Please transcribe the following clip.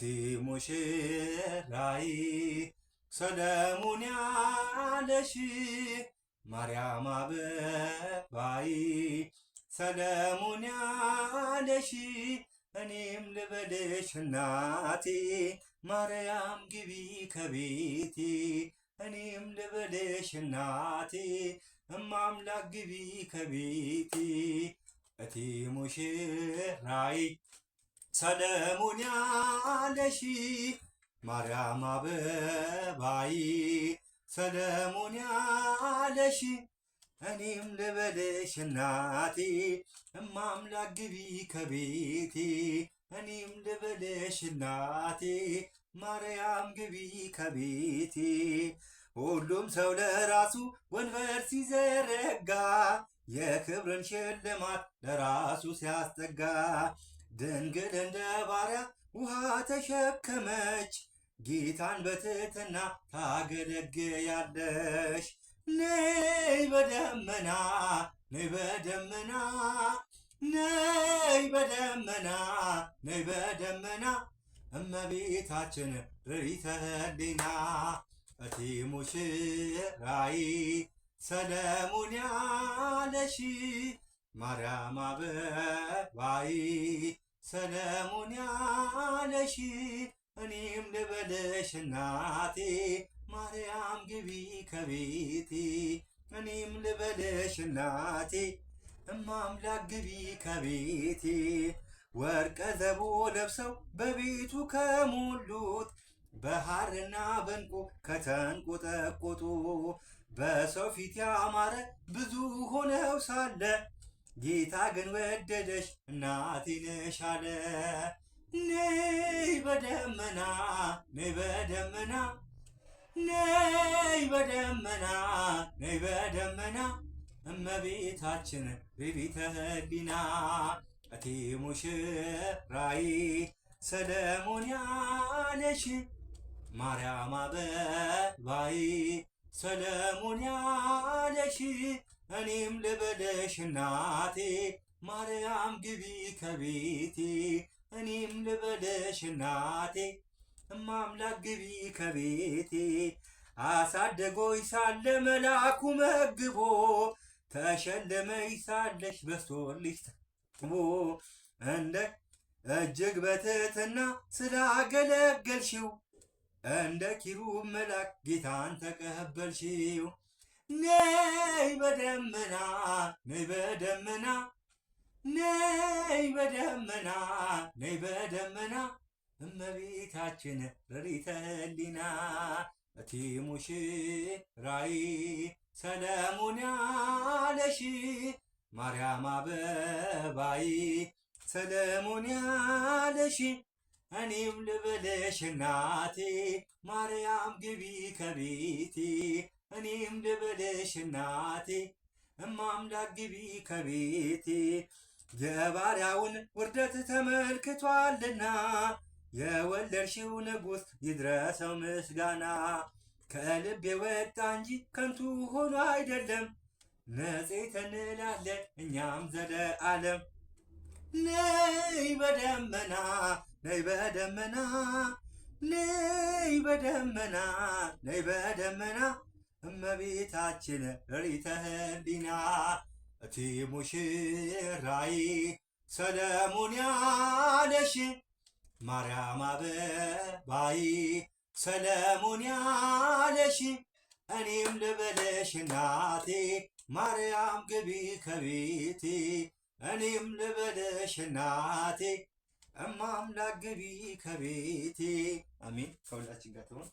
ውበቴ ሙሽራዬ ሰለሞን ያለሽ ማርያም አበባዬ ሰለሞን ያለሽ እኔም ልበልሽ እናቴ ማርያም ግቢ ከቤቴ እኔም ልበልሽ እናቴ እማምላክ ግቢ ከቤቴ እቴ ሙሽራዬ ሰለሞን ያለሺ ማርያም አበባይ ሰለሞን ያለሺ እኔም ልበልሽ እናቴ እማምላክ ግቢ ከቤቴ እኔም ልበልሽ እናቴ ማርያም ግቢ ከቤቴ ሁሉም ሰው ለራሱ ወንበር ሲዘረጋ የክብርን ሽልማት ለራሱ ሲያስጠጋ ድንግል እንደ ባሪያ ውሃ ተሸከመች፣ ጌታን በትህትና ታገለግያለሽ። ነይ በደመና ነይ በደመና ነይ በደመና ነይ በደመና እመቤታችን ርኢተ ህሊና እቲ ሙሽራይ ሰለሞን ያለሽ ማርያም አበባይ ሰለሞን ያለሽ እኔም ልበለሽ እናቴ ማርያም ግቢ ከቤቴ እኔም ልበለሽ እናቴ እማምላክ ግቢ ከቤቴ ወርቀ ዘቦ ለብሰው በቤቱ ከሞሉት በሐርና በንቁ ከተንቆጠቆጡ በሰው ፊት ያማረ ብዙ ሆነው ሳለ ጌታ ግን ወደደሽ እናቴ ነሽ አለ። ነይ በደመና ነይ በደመና ነይ በደመና ነይ በደመና እመቤታችን ቤቢተ ህሊና እቴ ሙሽራዬ ሰለሞን ያለሽ ማርያም አበባዬ ሰለሞን ያለሽ እኔም ልበለሽ እናቴ ማርያም ግቢ ከቤቴ እኔም ልበለሽ እናቴ እማምላክ ግቢ ከቤቴ አሳደጎይ ሳለ መላኩ መግቦ ተሸለመይ ሳለሽ በስቶልሽ ተጥቦ እንደ እጅግ በትህትና ስላገለገልሽው እንደ ኪሩብ መልአክ ጌታን ተቀበልሽው። ነይ በደመና ነይ በደመና ነይ በደመና ነይ በደመና እመቤታችን ረሪተ ህሊና እቲ ሙሽራይ ሰለሞን ያለሽ ማርያም አበባይ ሰለሞን ያለሽ እኔም ልበለሽ እናቴ ማርያም ግቢ ከቤቴ እኔም ልበልሽ እናቴ እማምላክ ግቢ ከቤቴ የባሪያውን ውርደት ተመልክቷልና የወለድሽው ንጉሥ ይድረሰው ምስጋና። ከልብ የወጣ እንጂ ከንቱ ሆኖ አይደለም፣ መጽሔት እንላለን እኛም ዘለዓለም። ነይ በደመና ነይ በደመና ነይ በደመና ነይ በደመና እመቤታችን ሪተህን ዲና እቲ ሙሽራይ ሰለሞን ያለሽ ማርያም አበባይ ሰለሞን ያለሽ እኔም ልበለሽ እናቴ ማርያም ግቢ ከቤቴ እኔም ልበለሽ እናቴ እማምላክ ግቢ ከቤቴ አሜን። ከሁላችን ጋር ትሆን